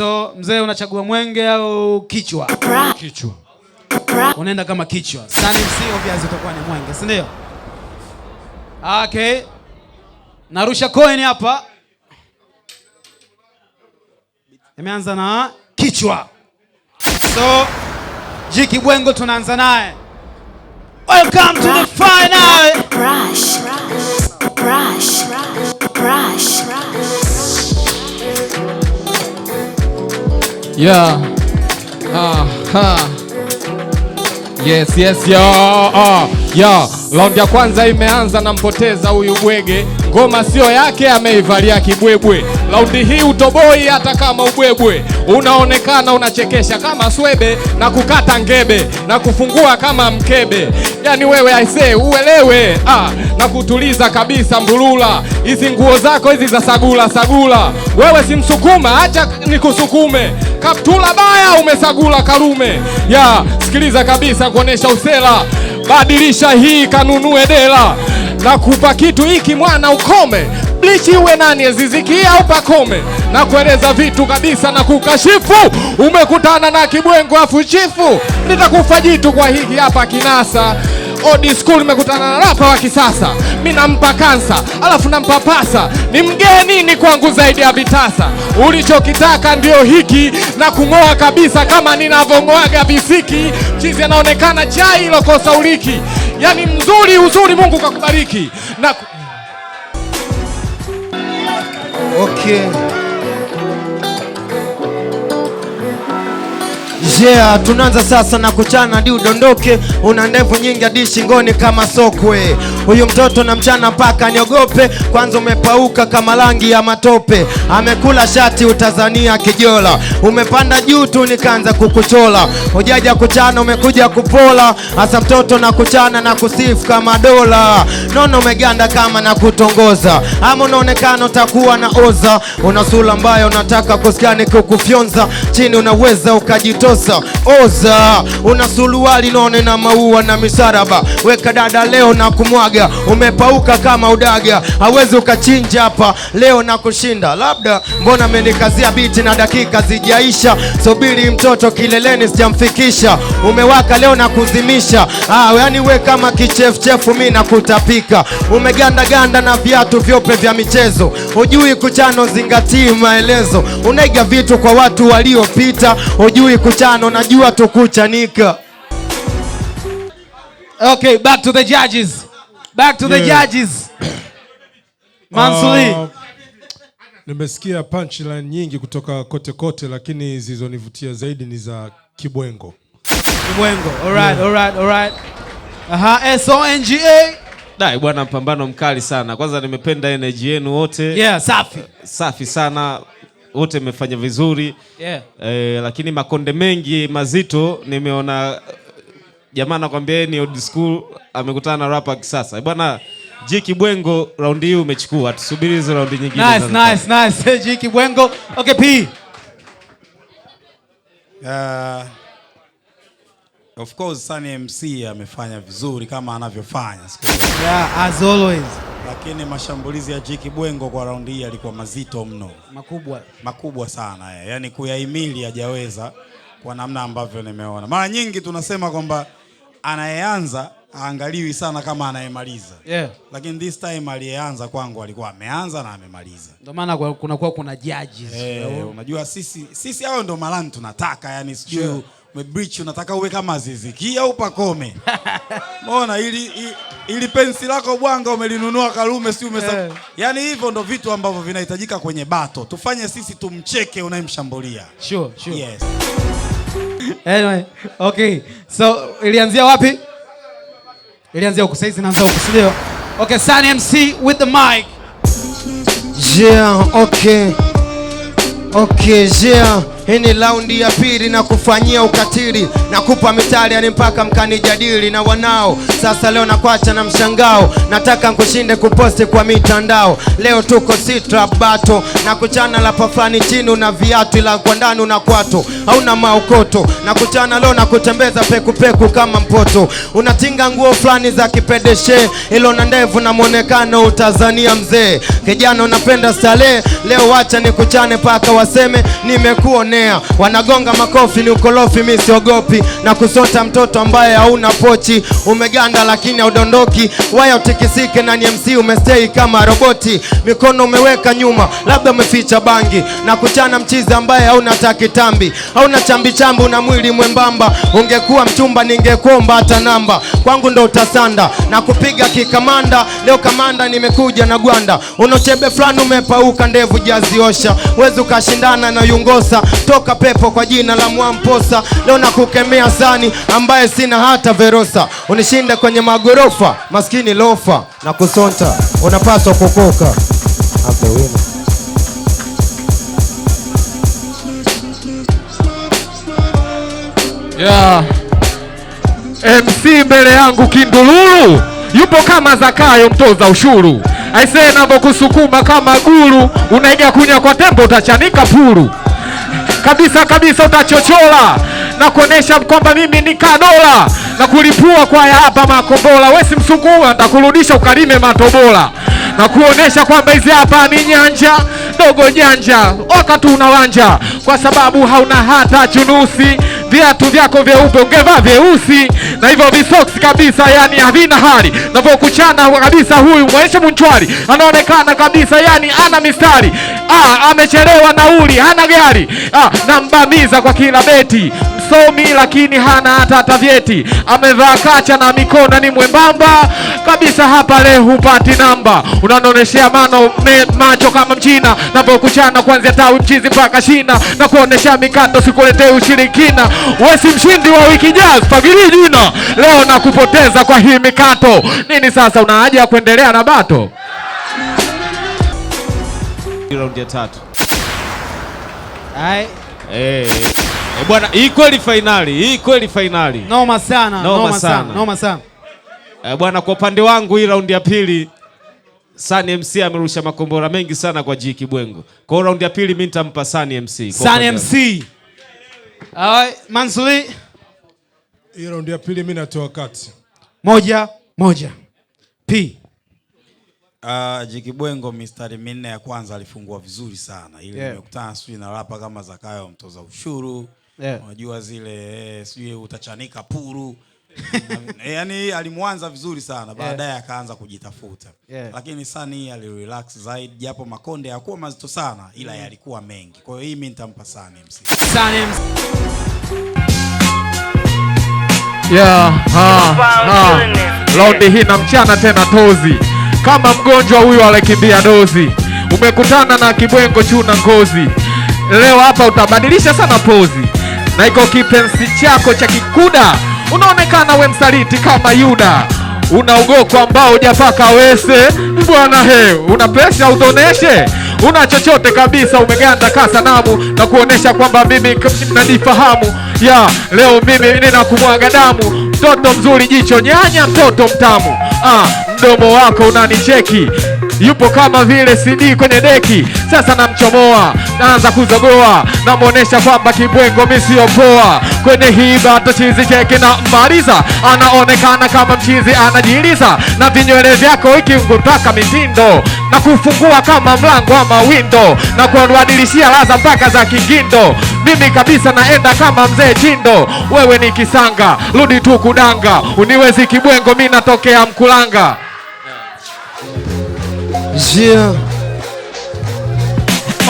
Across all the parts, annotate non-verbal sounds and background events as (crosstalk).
So mzee, unachagua mwenge au kichwa? Kichwa. Unaenda kama kichwa. Sasa obviously utakuwa ni mwenge, si ndio? Okay. Narusha coin hapa. Imeanza na kichwa. So jiki bwengo tunaanza naye. Welcome to the final. Crash. Crash. Crash. Brush. Yeah. Aha. Yes, yes, yo. Oh, yo. Round ya kwanza imeanza, nampoteza huyu bwege, ngoma sio yake, ameivalia kibwebwe Raundi hii utoboi hata kama ubwebwe, unaonekana unachekesha kama swebe na kukata ngebe na kufungua kama mkebe. Yani wewe aisee, uelewe ah, na kutuliza kabisa mbulula Hizi nguo zako hizi za sagula sagula, wewe si Msukuma, acha nikusukume kaptula baya, umesagula karume ya sikiliza kabisa, kuonesha usela, badilisha hii kanunue dela na kupa kitu hiki mwana ukome lichi uwe nani Ziziki au Pakome, na kueleza vitu kabisa na kukashifu. Umekutana na kibwengo afu chifu, nitakufa jitu kwa hiki hapa kinasa Old school imekutana na rapa wa kisasa, mi nampa kansa alafu nampa pasa, ni mgeni ni kwangu zaidi ya vitasa. Ulichokitaka ndio hiki na kung'oa kabisa kama ninavyong'oaga visiki. Chizi anaonekana chai ilokosa uliki, yani mzuri uzuri, Mungu kakubariki na here. Yeah, tunaanza sasa na kuchana di udondoke. Una ndevu nyingi hadi shingoni kama sokwe. Huyu mtoto na mchana mpaka niogope, kwanza umepauka kama rangi ya matope. Amekula shati utazania kijola, umepanda juu tu nikaanza kukuchola. ujaja kuchana umekuja kupola, hasa mtoto na kuchana na kusifu kama dola. Nono umeganda kama na kutongoza, ama unaonekana utakuwa na oza. Una sura mbaya, unataka kusikia nikikufyonza chini, unaweza ukajitosa sasa oza, una suruali none na maua na misaraba, weka dada leo na kumwaga, umepauka kama udaga, hawezi ukachinja hapa leo na kushinda labda. Mbona amenikazia biti na dakika zijaisha, subiri mtoto kileleni sijamfikisha, umewaka leo na kuzimisha. Ah, yani we kama kichefuchefu mi na kutapika, umegandaganda na viatu vyope vya michezo, hujui kuchano, zingatii maelezo, unaiga vitu kwa watu waliopita, hujui kuchano ndo najua tukuchanika. Okay, back to the judges. Back to the judges. (coughs) Mansuri. Uh, nimesikia punchline nyingi kutoka kote kote, lakini zilizonivutia zaidi ni za Kibwengo. Kibwengo. All right, yeah. all right, all right. Aha, S O N G A. Dai bwana, mpambano mkali sana. Kwanza nimependa energy yenu wote. Yeah, safi. Safi sana wote mmefanya vizuri yeah. E, lakini makonde mengi mazito nimeona jamaa nakwambia ni old school amekutana na rapa kisasa eh, bwana. G Kibwengo raundi hii umechukua, tusubiri hizo raundi nyingine. Nice, nice, nice. (laughs) G Kibwengo. Okay, P. Uh, of course Sunny MC amefanya vizuri kama anavyofanya. Yeah, as always. Lakini mashambulizi ya Jiki Bwengo kwa raundi hii yalikuwa mazito mno, makubwa makubwa sana eh. ya. Yani kuyahimili hajaweza kwa namna ambavyo nimeona. Mara nyingi tunasema kwamba anayeanza haangaliwi sana kama anayemaliza yeah. Lakini this time aliyeanza kwangu alikuwa ameanza na amemaliza, ndio maana kunakuwa kuna, kuna judges hey, eh, unajua sisi sisi hao ndio malani tunataka yani sijui sure. Umebrich unataka uwe kama ziziki au pakome? Mbona ili, ili pensi lako bwanga umelinunua Karume si umesa. Eh. yani hivyo ndo vitu ambavyo vinahitajika kwenye bato. Tufanye sisi tumcheke unayemshambulia. Sure, sure. Yes. Anyway, okay. So ilianzia wapi? Ilianzia huko. Sasa inaanza huko, si Okay, Sunny MC with the mic. Yeah, okay. Okay, yeah. Hii ni raundi ya pili na kufanyia ukatili na kupa mitali yani mpaka mkanijadili na wanao. Sasa leo nakwacha na mshangao, nataka nkushinde kuposti kwa mitandao. Leo tuko sitra bato na kuchana la pafani chini na viatu, ila kwa ndani na kwato hauna maokoto na kuchana leo na kutembeza pekupeku peku kama mpoto, unatinga nguo fulani za kipedeshe ilo na ndevu na mwonekano utazania mzee. Kijana unapenda starehe, leo wacha nikuchane paka waseme nimekuone mmea. Wanagonga makofi, ni ukolofi mi siogopi na kusota mtoto ambaye hauna pochi. Umeganda lakini haudondoki, waya utikisike na nmc MC umestei kama roboti, mikono umeweka nyuma, labda umeficha bangi na kuchana mchizi ambaye hauna takitambi, hauna chambichambi, una mwili mwembamba. Ungekuwa mchumba ningekuomba hata namba, kwangu ndo utasanda na kupiga kikamanda. Leo kamanda, nimekuja na gwanda, unochebe fulani umepauka, ndevu jaziosha, wezi ukashindana na yungosa toka pepo kwa jina la Mwamposa. Leo nakukemea sani ambaye sina hata verosa, unishinde kwenye magorofa maskini lofa na kusonta, unapaswa kukoka yeah. MC mbele yangu kindululu yupo kama Zakayo mtoza ushuru, aisee navyokusukuma kama guru, unaiga kunya kwa tembo utachanika puru kabisa kabisa, utachochola na kuonesha kwamba mimi ni kadola na kulipua kwaya hapa Makobola. Wewe si Msungua, nitakurudisha ukalime Matobola na kuonesha kwamba hizi hapa ni nyanja dogo nyanja oka tu unawanja, kwa sababu hauna hata chunusi viatu vyako vyeupe ungevaa vyeusi, na hivyo visoksi kabisa, yani havina hali navyokuchana kabisa. Huyu mwonyeshe mchwari, anaonekana kabisa, yani ana mistari. Ah, amechelewa nauli, hana gari. Ah, nambamiza kwa kila beti msomi lakini hana hata hata vyeti, amevaa kacha na mikono ni mwembamba kabisa. Hapa leo hupati namba, unanoneshea mano me, macho kama mchina napokuchana kuanzia tawi mchizi mpaka shina na kuonesha mikando, sikuletee ushirikina, wesi mshindi wa wiki jazz fagili jina leo na kupoteza kwa hii mikato. Nini sasa, una haja ya kuendelea na bato? Round ya tatu. Hai. Hey. Eh. Eh, bwana, hii kweli fainali, hii kweli fainali. Noma sana, noma, noma sana, Noma sana. Eh, bwana, kwa upande wangu hii raundi ya pili Sani MC amerusha makombora mengi sana kwa Jiki Bwengo. Kwa hiyo raundi ya pili mimi nitampa Sani MC. Sani MC. Ah, Mansuri. Hii raundi ya pili mimi natoa kati. Moja, moja. P. Uh, ah, Jiki Bwengo mistari minne ya kwanza alifungua vizuri sana. Ile yeah. Nimekutana sui na rapa kama Zakayo mtoza ushuru yeah. Unajua zile eh, sijui utachanika puru (laughs) yaani alimwanza vizuri sana baadaye yeah. Akaanza kujitafuta yeah. Lakini Sani alirelax zaidi, japo makonde hayakuwa mazito sana, ila mm-hmm. yalikuwa mengi. Kwa hiyo hii mimi nitampa Sani MC. Sani MC. Yeah, ha, ha. hii na mchana tena tozi kama mgonjwa huyo alikimbia dozi, umekutana na kibwengo chuna ngozi, leo hapa utabadilisha sana pozi na iko kipensi chako cha kikuda, unaonekana we msaliti kama Yuda, unaugoko ambao ujapaka wese. Bwana he, una pesa utoneshe, una chochote kabisa, umeganda ka sanamu na kuonesha kwamba mimi nanifahamu. Ya leo mimi ninakumwaga damu, mtoto mzuri, jicho nyanya, mtoto mtamu. Ah, mdomo wako unanicheki yupo kama vile CD kwenye deki. Sasa namchomoa, naanza kuzogoa, namuonesha kwamba kibwengo mimi sio poa kwenye hii bato chizi cheki na maliza, anaonekana kama mchizi anajiliza na vinywele vyako iki ngutaka mitindo na kufungua kama mlango wa mawindo na kuwadilishia laza mpaka za Kingindo. Mimi kabisa naenda kama mzee Chindo, wewe ni kisanga, rudi tu kudanga, uniwezi kibwengo, mi natokea Mkulanga. Yeah.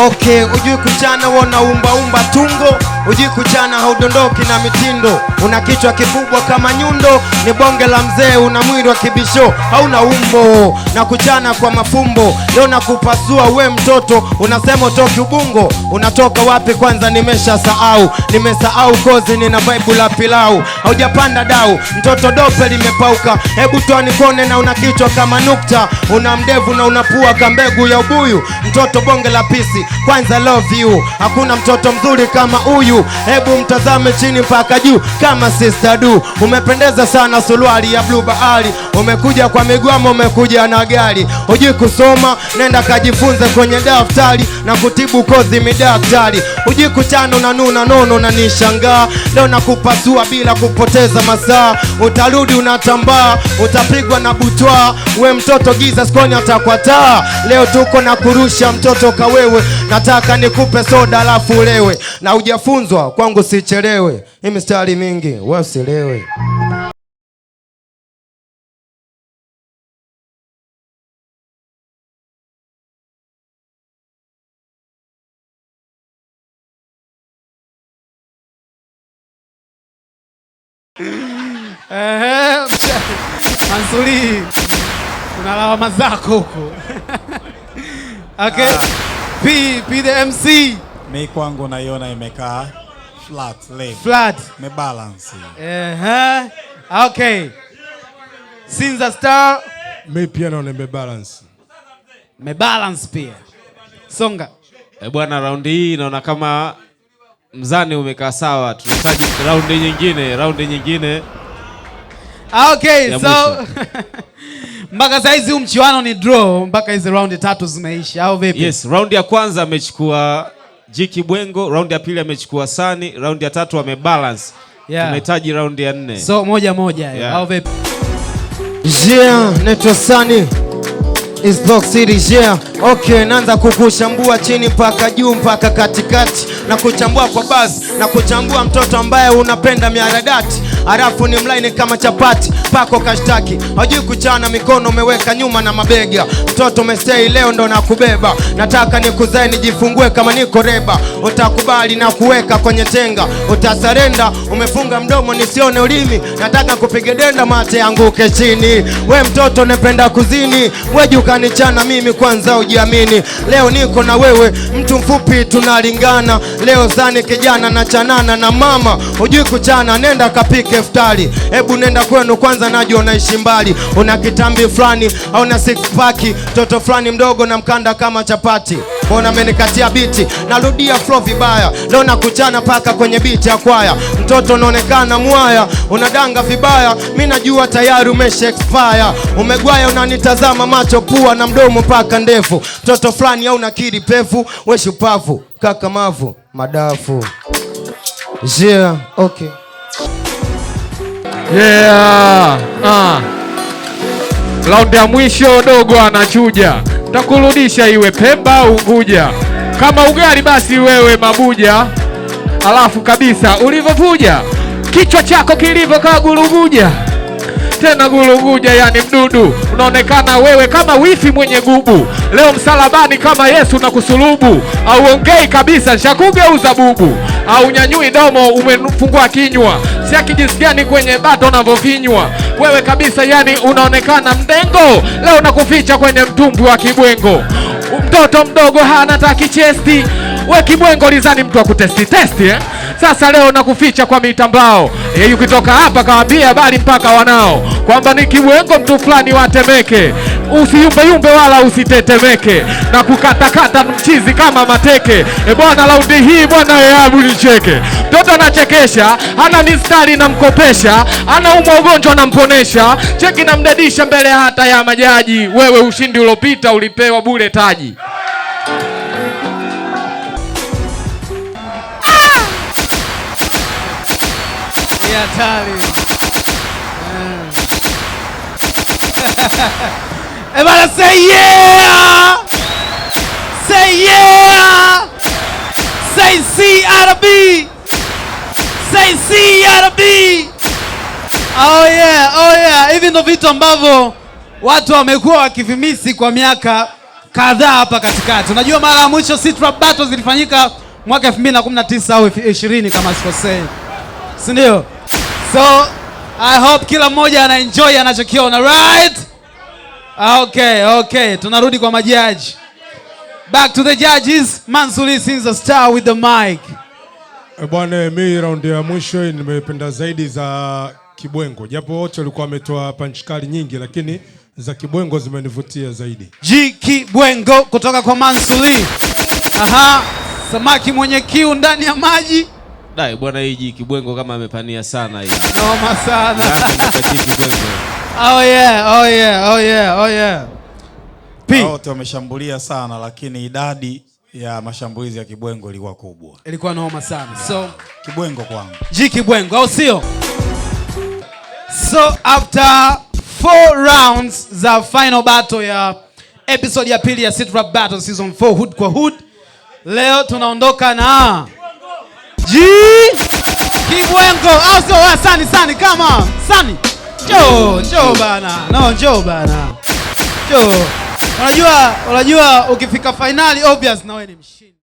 Okay, ujui kuchana wona umbaumba tungo, ujui kuchana haudondoki na mitindo, una kichwa kikubwa kama nyundo ni bonge la mzee, una mwili wa kibisho, hauna umbo na kuchana kwa mafumbo. Leo nakupasua we mtoto, unasema utoki Ubungo, unatoka wapi? Kwanza nimesha sahau, nimesahau kozi, nina vibe la pilau, haujapanda dau, mtoto dope limepauka. Hebu toa nikone, na una kichwa kama nukta, una mdevu na unapua kambegu ya ubuyu, mtoto bonge la pisi. Kwanza love you, hakuna mtoto mzuri kama huyu. Hebu mtazame chini mpaka juu kama sister du, umependeza sana na suruali ya blue bahari, umekuja kwa migwamo, umekuja na gari. Hujui kusoma, nenda kajifunze kwenye daftari na kutibu kozi midaktari. Hujui na nuna nono na leo nakupasua bila kupoteza masaa. Utarudi unatambaa, utapigwa na butwa, we mtoto giza skoni atakwataa. Leo tuko na kurusha mtoto kawewe, nataka nikupe soda alafu ulewe, na hujafunzwa kwangu sichelewe, hii mistari mingi wasilewe lawama zako huko. (laughs) Okay. Ah. P, P the MC. Mimi kwangu naiona imekaa flat lane. Flat. Me balance. Eh, eh. huh Okay. Sinza Star. Mimi pia naona me balance. Me balance pia. Songa. Eh, bwana round hii naona kama mzani umekaa sawa, tunahitaji round nyingine, round nyingine. Okay, so (laughs) Mpaka saizi huu mchiwano ni draw mpaka hizi raundi tatu zimeisha au vipi? Yes, raundi ya kwanza amechukua Jiki Bwengo, raundi ya pili amechukua Sani, raundi ya tatu amebalance. Yeah. Tunahitaji raundi ya nne. So moja moja, Au vipi? Yeah, Sani. Yeah. Okay, naanza kukushambua chini mpaka juu mpaka katikati na kuchambua kwa basi na kuchambua mtoto ambaye unapenda miaradati halafu ni mlaini kama chapati pako kashtaki hajui kuchana mikono umeweka nyuma na mabega mtoto umestei leo ndo nakubeba nataka nikuzae nijifungue kama niko reba utakubali na kuweka kwenye tenga utasarenda umefunga mdomo nisione ulimi nataka kupiga denda mate yanguke chini we mtoto unapenda kuzini weju mwakani mimi kwanza ujiamini, leo niko na wewe, mtu mfupi tunalingana, leo zani kijana na chanana na mama, hujui kuchana, nenda kapike futari, hebu nenda kwenu kwanza, najua unaishi mbali, una kitambi fulani au na sikpaki, toto fulani mdogo na mkanda kama chapati mbona amenikatia biti, narudia flow vibaya leo nakutana paka kwenye biti ya kwaya. Mtoto unaonekana mwaya, unadanga vibaya, mi najua tayari umesha expire. Umegwaya unanitazama macho, pua na mdomo paka ndefu, mtoto fulani au nakiri pevu, we shupavu kaka mavu madafu yeah, okay. yeah. Ah. Raundi ya mwisho dogo anachuja takurudisha iwe Pemba Unguja. Kama ugali basi wewe Mabuja, alafu kabisa ulivyovuja kichwa chako kilivyokaa guluguja tena guluguja, yani mdudu unaonekana wewe kama wifi mwenye gubu. Leo msalabani kama Yesu na kusulubu, auongei kabisa, shakugeuza bubu, au nyanyui domo, umefungua kinywa, siaki kwenye bato unavyovinywa wewe kabisa, yani unaonekana mdengo, leo nakuficha kwenye mtumbwi wa kibwengo. Mtoto mdogo taki chesti, we kibwengo lizani mtu kutesti testi eh? Sasa leo nakuficha kwa mitambao yeye, ukitoka hapa kawambia bali mpaka wanao kwamba ni kibwengo mtu fulani watemeke usiyumbeyumbe wala usitetemeke na kukatakata mchizi kama mateke. E Bwana, laundi hii Bwana heabu nicheke. Mtoto anachekesha, hana mistari namkopesha, ana umwa ugonjwa namponesha, cheki namdadisha mbele hata ya majaji. Wewe ushindi uliopita ulipewa bure taji. Ah! (laughs) voilà, say yeah! Say yeah! Say C out of B! Say C out of B! Oh yeah, oh yeah. Hivi ndo vitu ambavyo watu wamekuwa wakivimisi kwa miaka kadhaa hapa katikati. Unajua mara ya mwisho si trap zilifanyika mwaka 2019 au 20 kama sikosei, si ndio? So I hope kila mmoja enjoy anachokiona, right? Okay, okay. Tunarudi kwa majaji. Back to the judges. Mansuri is a star with the mic. Eh, bwana, mi raundi ya mwisho nimependa zaidi za Kibwengo, japo wote walikuwa wametoa punch nyingi, lakini za Kibwengo zimenivutia zaidi. G Kibwengo kutoka kwa Mansuri. Aha, samaki mwenye kiu ndani ya maji. Dai bwana, hii G Kibwengo kama amepania sana hii. Noma sana. Yaani, Oh yeah, oh yeah, oh yeah, oh yeah. Wote wameshambulia sana lakini idadi ya mashambulizi ya Kibwengo ilikuwa kubwa. Ilikuwa noma sana. So Kibwengo kwangu. G Kibwengo au sio? So after four rounds za final battle ya episode ya pili ya Sit Rap Battle season 4 hood kwa hood, leo tunaondoka na G Kibwengo au sio? Ah, Sani, Sani, come on. Sani. Njoo, njoo bana. No, njoo bana. Njoo. Unajua, unajua ukifika finali obvious na wewe ni mshindi.